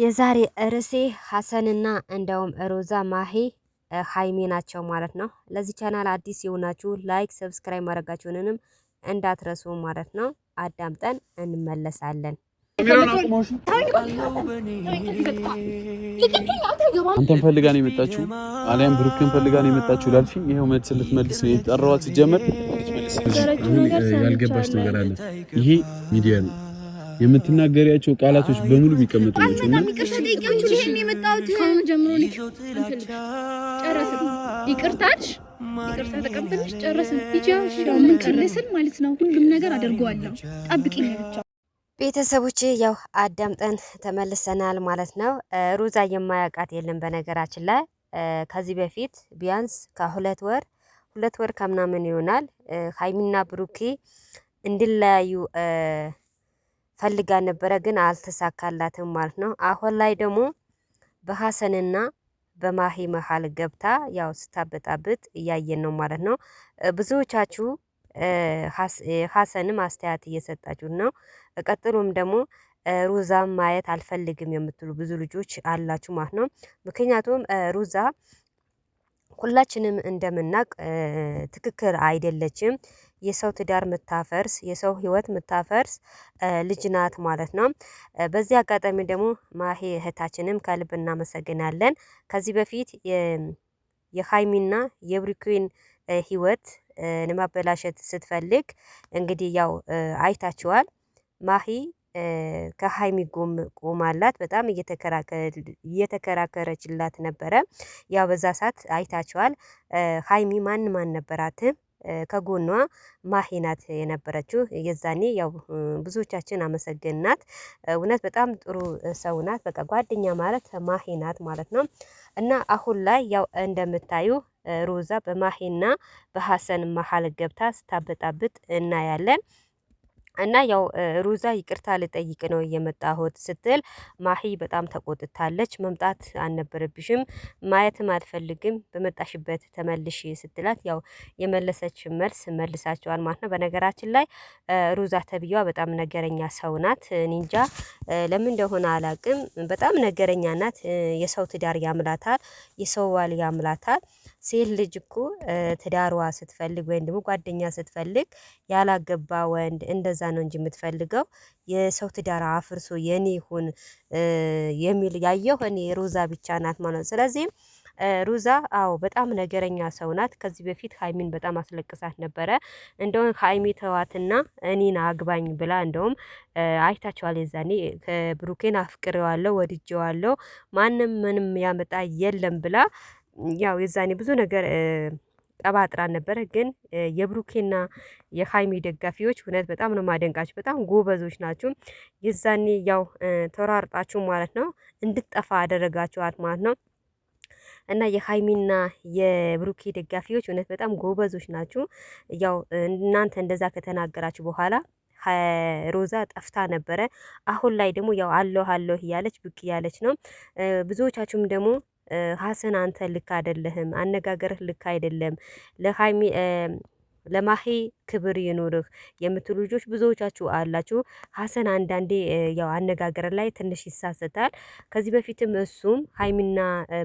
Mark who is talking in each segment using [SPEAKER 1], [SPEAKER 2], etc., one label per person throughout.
[SPEAKER 1] የዛሬ ርዕሴ ሀሰንና እንደውም ሮዛ ማሂ ሀይሚ ናቸው ማለት ነው። ለዚህ ቻናል አዲስ የሆናችሁ ላይክ፣ ሰብስክራይብ ማድረጋችሁንንም እንዳትረሱ ማለት ነው። አዳምጠን እንመለሳለን።
[SPEAKER 2] አንተን ፈልጋ ነው የመጣችሁ አሊያም ብሩክን ፈልጋ ነው የመጣችሁ ላልሽኝ፣ ይኸው መልስ ልትመልስ ነው የጠራኋት። ሲጀመር ያልገባች ነገር አለ። ይሄ ሚዲያ ነው የምትናገሪያቸው ቃላቶች በሙሉ ቢቀመጡ
[SPEAKER 3] ናቸው።
[SPEAKER 4] ይቅርታሽ ይቅርታ ጨረስን። ምን ማለት ነው? ሁሉም ነገር አደርገዋለሁ። ጠብቂኝ ብቻ።
[SPEAKER 1] ቤተሰቦች ያው አዳምጠን ተመልሰናል ማለት ነው። ሩዛ የማያውቃት የለም። በነገራችን ላይ ከዚህ በፊት ቢያንስ ከሁለት ወር ሁለት ወር ከምናምን ይሆናል ሀይሚና ብሩኬ እንድለያዩ ፈልጋ ነበረ፣ ግን አልተሳካላትም ማለት ነው። አሁን ላይ ደግሞ በሀሰንና በማሂ መሀል ገብታ ያው ስታበጣብጥ እያየን ነው ማለት ነው። ብዙዎቻችሁ ሀሰንም አስተያየት እየሰጣችሁ ነው። ቀጥሎም ደግሞ ሩዛም ማየት አልፈልግም የምትሉ ብዙ ልጆች አላችሁ ማለት ነው። ምክንያቱም ሩዛ ሁላችንም እንደምናቅ ትክክል አይደለችም። የሰው ትዳር ምታፈርስ የሰው ህይወት ምታፈርስ ልጅ ናት ማለት ነው። በዚህ አጋጣሚ ደግሞ ማሄ እህታችንም ከልብ እናመሰግናለን። ከዚህ በፊት የሃይሚና የብሪኩዊን ህይወት ለማበላሸት ስትፈልግ እንግዲህ ያው አይታችኋል። ማሂ ከሃይሚ ጎም ቆማላት በጣም እየተከራከረችላት ነበረ። ያው በዛ ሰዓት አይታችኋል። ሀይሚ ማን ነበራትም ከጎኗ ማሂ ናት የነበረችው። የዛኔ ያው ብዙዎቻችን አመሰግንናት። እውነት በጣም ጥሩ ሰው ናት። በቃ ጓደኛ ማለት ማሂ ናት ማለት ነው። እና አሁን ላይ ያው እንደምታዩ ሮዛ በማሂና በሀሰን መሀል ገብታ ስታበጣብጥ እናያለን። እና ያው ሩዛ ይቅርታ ልጠይቅ ነው የመጣሁት ስትል ማሂ በጣም ተቆጥታለች። መምጣት አልነበረብሽም፣ ማየትም አልፈልግም፣ በመጣሽበት ተመልሽ ስትላት ያው የመለሰች መልስ መልሳቸዋል ማለት ነው። በነገራችን ላይ ሩዛ ተብዬዋ በጣም ነገረኛ ሰው ናት። ኒንጃ ለምን እንደሆነ አላቅም፣ በጣም ነገረኛ ናት። የሰው ትዳር ያምላታል፣ የሰው ባል ያምላታል። ሴት ልጅ እኮ ትዳሯ ስትፈልግ ወይም ደግሞ ጓደኛ ስትፈልግ ያላገባ ወንድ እንደዛ ነው እንጂ የምትፈልገው የሰው ትዳር አፍርሶ የኔ ይሁን የሚል ያየሁ እኔ ሮዛ ብቻ ናት ማለት ነው። ስለዚህም ሩዛ አዎ በጣም ነገረኛ ሰው ናት። ከዚህ በፊት ሀይሚን በጣም አስለቅሳት ነበረ። እንደውም ሀይሚ ተዋትና እኔን አግባኝ ብላ እንደውም አይታችኋል። የዛኔ ብሩኬን አፍቅሬዋለሁ፣ ወድጄዋለሁ፣ ማንም ምንም ያመጣ የለም ብላ ያው የዛኔ ብዙ ነገር ቀባጥራን ነበረ። ግን የብሩኬና የሀይሚ ደጋፊዎች እውነት በጣም ነው ማደንቃችሁ። በጣም ጎበዞች ናቸው። የዛኔ ያው ተሯርጣችሁ ማለት ነው እንድትጠፋ አደረጋችኋት ማለት ነው። እና የሃይሚና የብሩኬ ደጋፊዎች እውነት በጣም ጎበዞች ናችሁ። ያው እናንተ እንደዛ ከተናገራችሁ በኋላ ሮዛ ጠፍታ ነበረ። አሁን ላይ ደግሞ ያው አለሁ አለሁ እያለች ብቅ እያለች ነው። ብዙዎቻችሁም ደግሞ ሀሰን አንተ ልክ አይደለህም፣ አነጋገርህ ልክ አይደለም ለሀይሚ ለማሂ ክብር ይኖርህ የምትሉ ልጆች ብዙዎቻችሁ አላችሁ። ሀሰን አንዳንዴ ያው አነጋገር ላይ ትንሽ ይሳሰታል። ከዚህ በፊትም እሱም ሀይሚና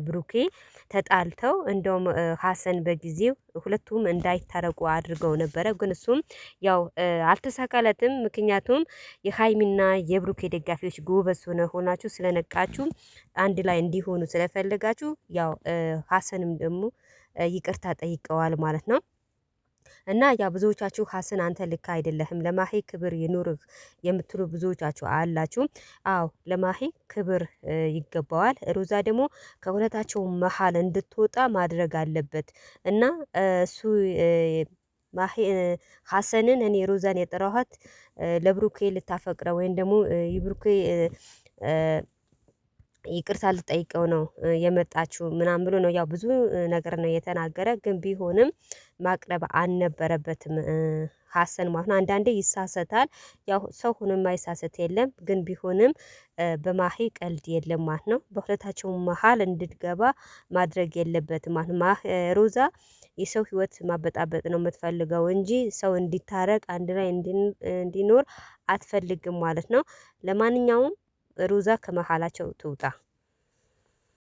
[SPEAKER 1] ብሩኬ ተጣልተው እንደውም ሀሰን በጊዜው ሁለቱም እንዳይታረቁ አድርገው ነበረ። ግን እሱም ያው አልተሳካለትም። ምክንያቱም የሀይሚና የብሩኬ ደጋፊዎች ጎበዝ ሆነ ሆናችሁ ስለነቃችሁ አንድ ላይ እንዲሆኑ ስለፈለጋችሁ ያው ሀሰንም ደግሞ ይቅርታ ጠይቀዋል ማለት ነው። እና ያ ብዙዎቻችሁ ሀሰን አንተ ልክ አይደለህም ለማሂ ክብር ይኑርህ የምትሉ ብዙዎቻችሁ አላችሁ። አዎ ለማሂ ክብር ይገባዋል። ሩዛ ደግሞ ከሁለታቸው መሀል እንድትወጣ ማድረግ አለበት እና እሱ ሀሰንን እኔ ሩዛን የጠራኋት ለብሩኬ ልታፈቅረ ወይም ደግሞ ይብሩኬ ይቅርታ ልጠይቀው ነው የመጣችው ምናምን ብሎ ነው ያው ብዙ ነገር ነው የተናገረ። ግን ቢሆንም ማቅረብ አልነበረበትም ሀሰን ማለት ነው። አንዳንዴ ይሳሰታል። ያው ሰው ሆኖ የማይሳሰት የለም። ግን ቢሆንም በማሂ ቀልድ የለም ማለት ነው። በሁለታቸው መሀል እንድትገባ ማድረግ የለበትም ማለት ነው። ሮዛ የሰው ህይወት ማበጣበጥ ነው የምትፈልገው እንጂ ሰው እንዲታረቅ አንድ ላይ እንዲኖር አትፈልግም ማለት ነው። ለማንኛውም ሩዛ ከመሃላቸው ትውጣ።